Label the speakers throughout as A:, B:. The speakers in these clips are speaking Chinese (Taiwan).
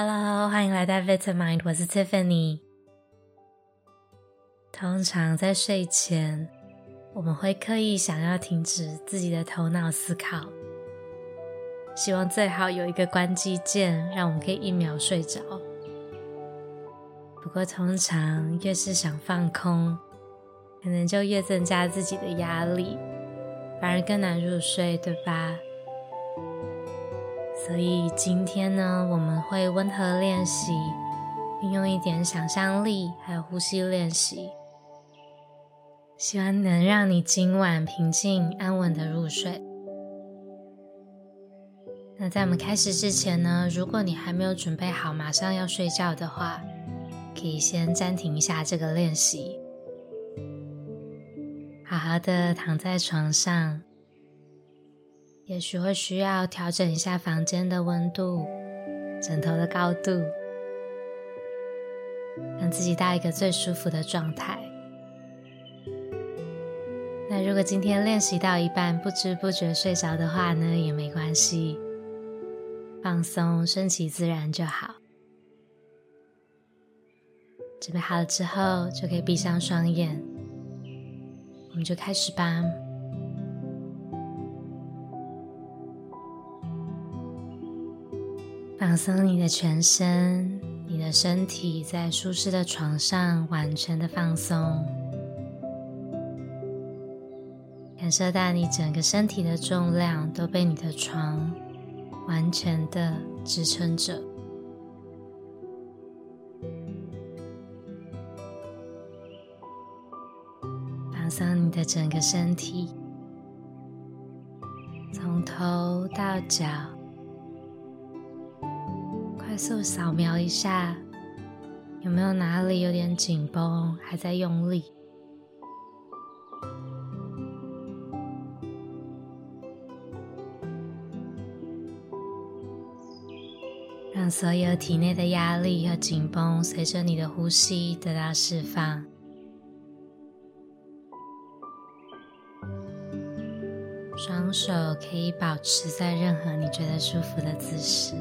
A: Hello，歡迎來到 Vitamind，我是 Tiffany。通常在睡前，我們會刻意想要停止自己的頭腦思考，希望最好有一個關機鍵，讓我們可以一秒睡着。不過通常越是想放空，可能就越增加自己的壓力，反而更難入睡，對吧？所以今天呢，我們會溫和練習，運用一點想象力，還有呼吸練習，希望能讓你今晚平靜、安穩地入睡。那在我們開始之前呢，如果你還沒有準備好馬上要睡覺的話，可以先暫停一下這個練習，好好的躺在床上。也許會需要調整一下房間的溫度、枕頭的高度，讓自己到一個最舒服的狀態。那如果今天練習到一半不知不覺睡着的話呢，也沒關係，放鬆、順其自然就好。準備好了之後，就可以閉上雙眼，我們就開始吧。放鬆你的全身，你的身體在舒適的床上完全的放鬆，感受到你整個身體的重量都被你的床完全的支撐着。放鬆你的整個身體，從頭到腳。速掃描一下，有沒有哪裡有點緊繃？還在用力？讓所有體內的壓力和緊繃隨着你的呼吸得到釋放。雙手可以保持在任何你覺得舒服的姿勢。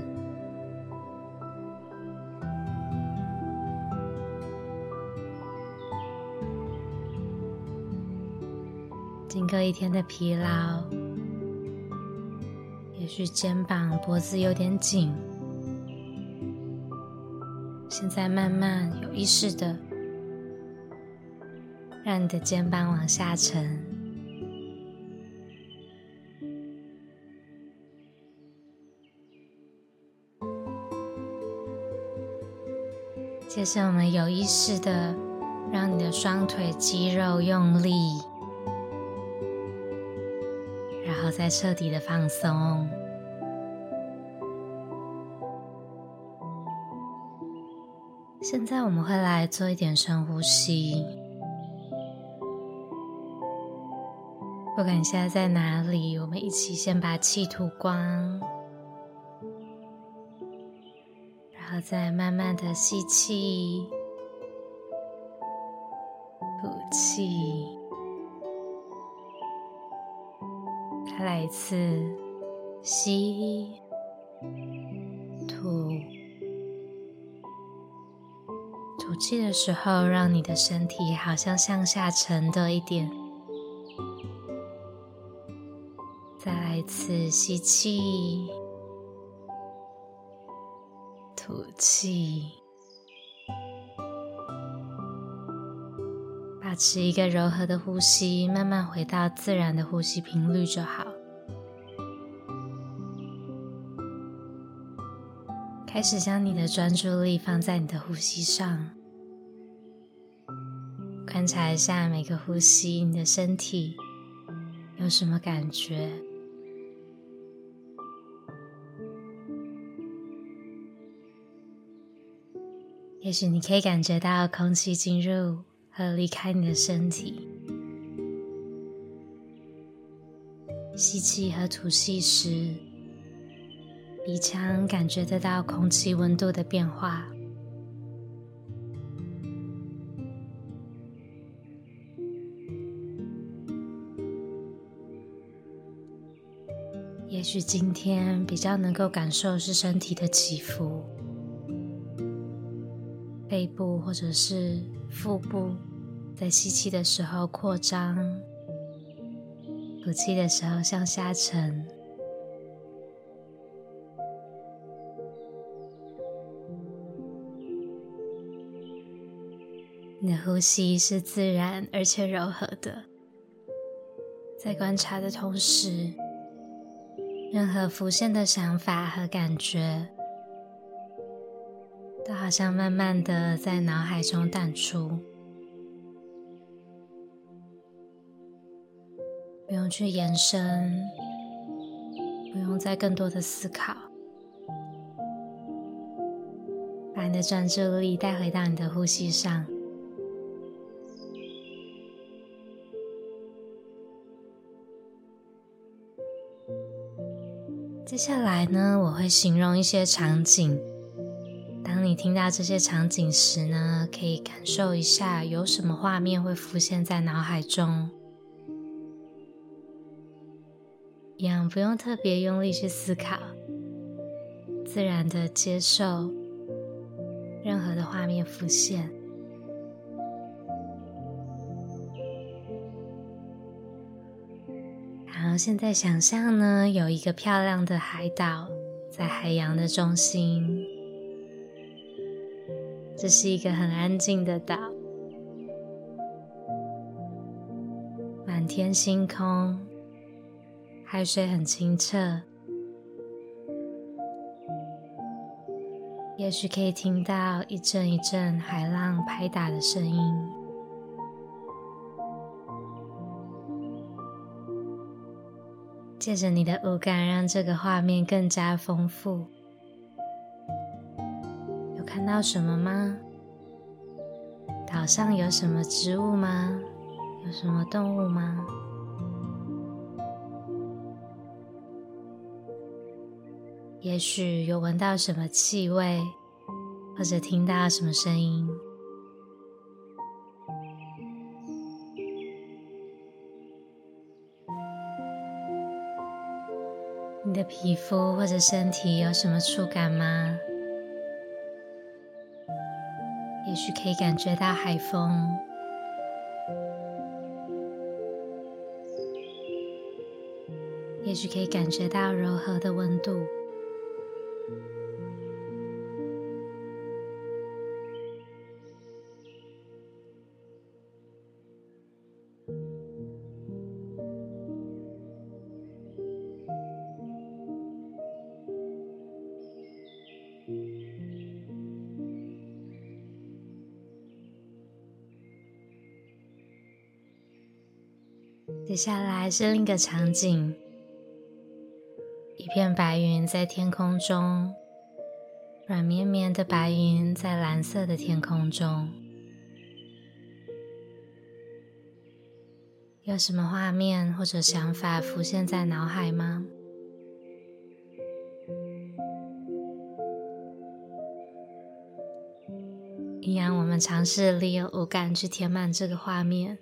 A: 隔一,一天的疲勞，也許肩膀、脖子有點緊。現在慢慢有意識的，讓你的肩膀往下沉。接着，我們有意識的，讓你的雙腿肌肉用力。在徹底的放鬆。現在我們會來做一點深呼吸。不管你現在在哪裡，我們一起先把氣吐光，然後再慢慢的吸氣，吐氣。再來一次，吸，吐。吐氣的時候，讓你的身體好像向下沉多一點。再來一次，吸氣，吐氣。保持一個柔和的呼吸，慢慢回到自然的呼吸頻率就好。開始將你的專注力放在你的呼吸上，觀察一下每個呼吸，你的身體有什麼感覺？也許你可以感覺到空氣進入和離開你的身體，吸氣和吐氣時。鼻腔感覺得到空氣溫度的變化，也許今天比較能夠感受是身體的起伏，背部或者是腹部，在吸氣的時候擴張，呼氣的時候向下沉。你的呼吸是自然而且柔和的，在觀察的同時，任何浮現的想法和感覺，都好像慢慢的在腦海中淡出，不用去延伸，不用再更多的思考，把你的專注力帶回到你的呼吸上。接下來呢，我會形容一些場景。當你聽到這些場景時呢，可以感受一下有什麼畫面會浮現在腦海中。也不用特別用力去思考，自然的接受任何的畫面浮現。然後現在想象呢，有一個漂亮的海島在海洋的中心，這是一個很安靜的島，滿天星空，海水很清澈，也許可以聽到一陣一陣海浪拍打的聲音。借着你的五感，讓這個畫面更加豐富。有看到什麼嗎？島上有什麼植物嗎？有什麼動物嗎？也許有聞到什麼氣味，或者聽到什麼聲音。的皮膚或者身體有什麼觸感嗎？也許可以感覺到海風，也許可以感覺到柔和的溫度。接下來是另一個場景，一片白雲在天空中，軟綿綿的白雲在藍色的天空中。有什麼畫面或者想法浮現在腦海嗎？依然我們嘗試利用五感去填滿這個畫面。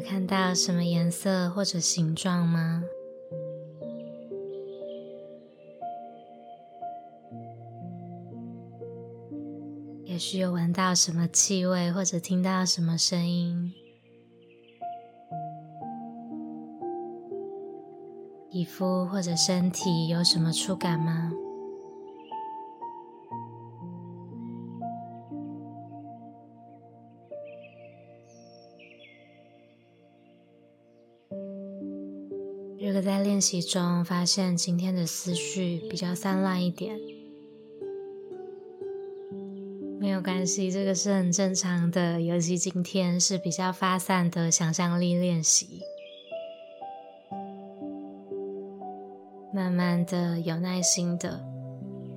A: 看到什麼顏色或者形狀嗎？也許有聞到什麼氣味，或者聽到什麼聲音？皮膚或者身體有什麼觸感嗎？練習中發現今天的思緒比較散亂一點，沒有關係，這個是很正常的，尤其今天是比較發散的想象力練習。慢慢的，有耐心的，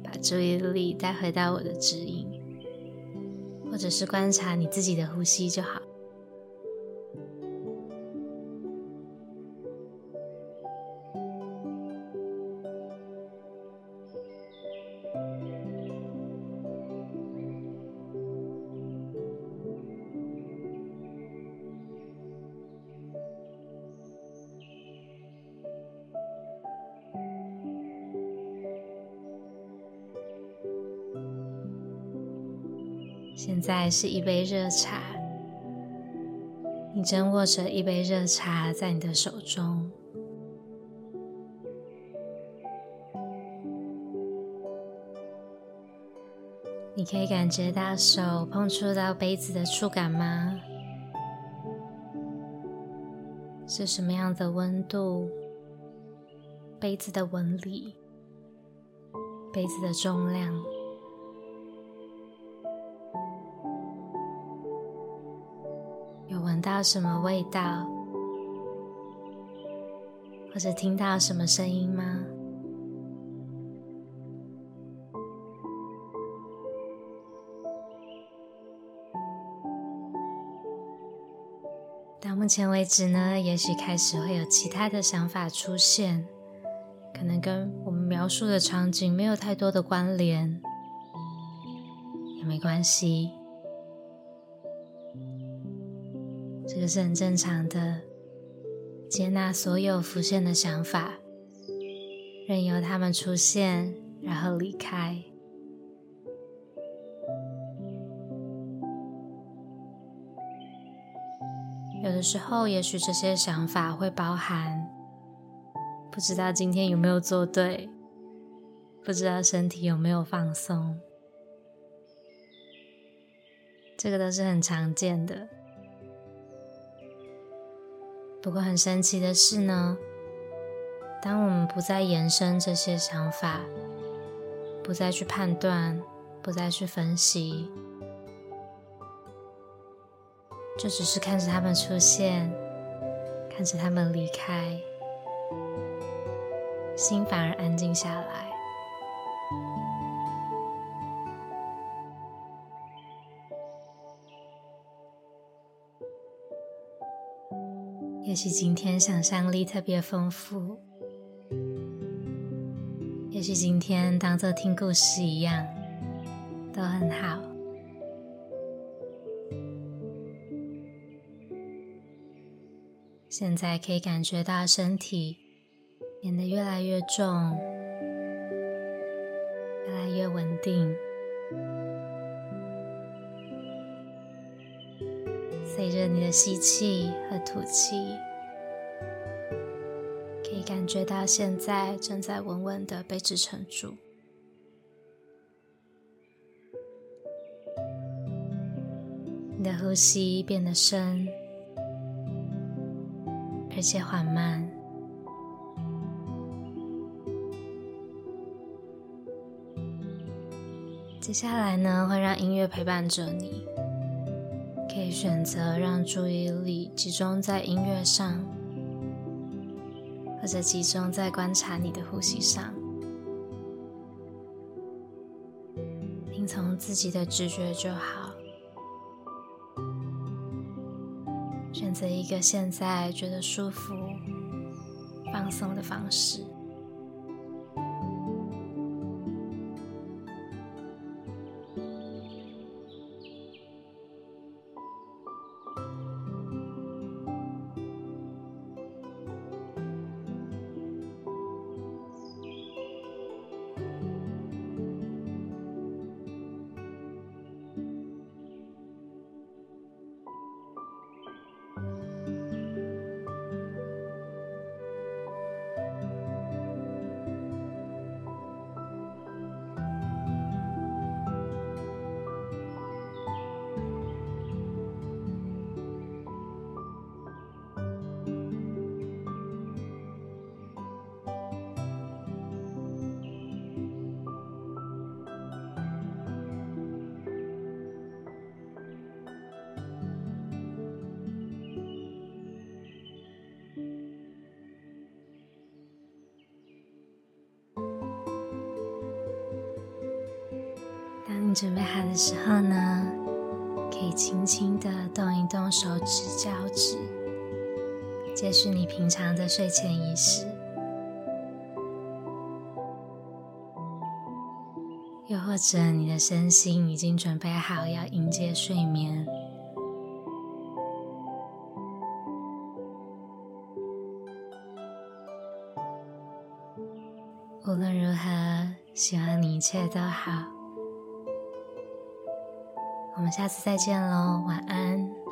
A: 把注意力帶回到我的指引，或者是觀察你自己的呼吸就好。現在是一杯熱茶，你正握着一杯熱茶在你的手中。你可以感覺到手碰觸到杯子的觸感嗎？是什麼樣的溫度？杯子的紋理，杯子的重量。聞到什麼味道，或者聽到什麼聲音嗎？到目前為止呢，也許開始會有其他的想法出現，可能跟我們描述的場景沒有太多的關聯，也沒關係。這、就是很正常的，接納所有浮現的想法，任由它們出現，然後離開。有的時候，也許這些想法會包含不知道今天有沒有做對，不知道身體有沒有放鬆，這個都是很常見的。不過很神奇的是呢，當我們不再延伸這些想法，不再去判斷，不再去分析，就只是看着它們出現，看着它們離開，心反而安靜下來。也許今天想象力特別豐富，也許今天當做聽故事一樣，都很好。現在可以感覺到身體變得越來越重，越來越穩定。陪着你的吸氣和吐氣，可以感覺到現在正在穩穩的被支撐住。你的呼吸變得深，而且緩慢。接下來呢，會讓音樂陪伴着你。可以選擇讓注意力集中在音樂上，或者集中在觀察你的呼吸上，聽從自己的直覺就好，選擇一個現在覺得舒服、放鬆的方式。準備好的時候呢，可以輕輕的動一動手指、教指、腳趾，結束你平常的睡前儀式。又或者你的身心已經準備好要迎接睡眠。無論如何，希望你一切都好。我們下次再見嘍，晚安。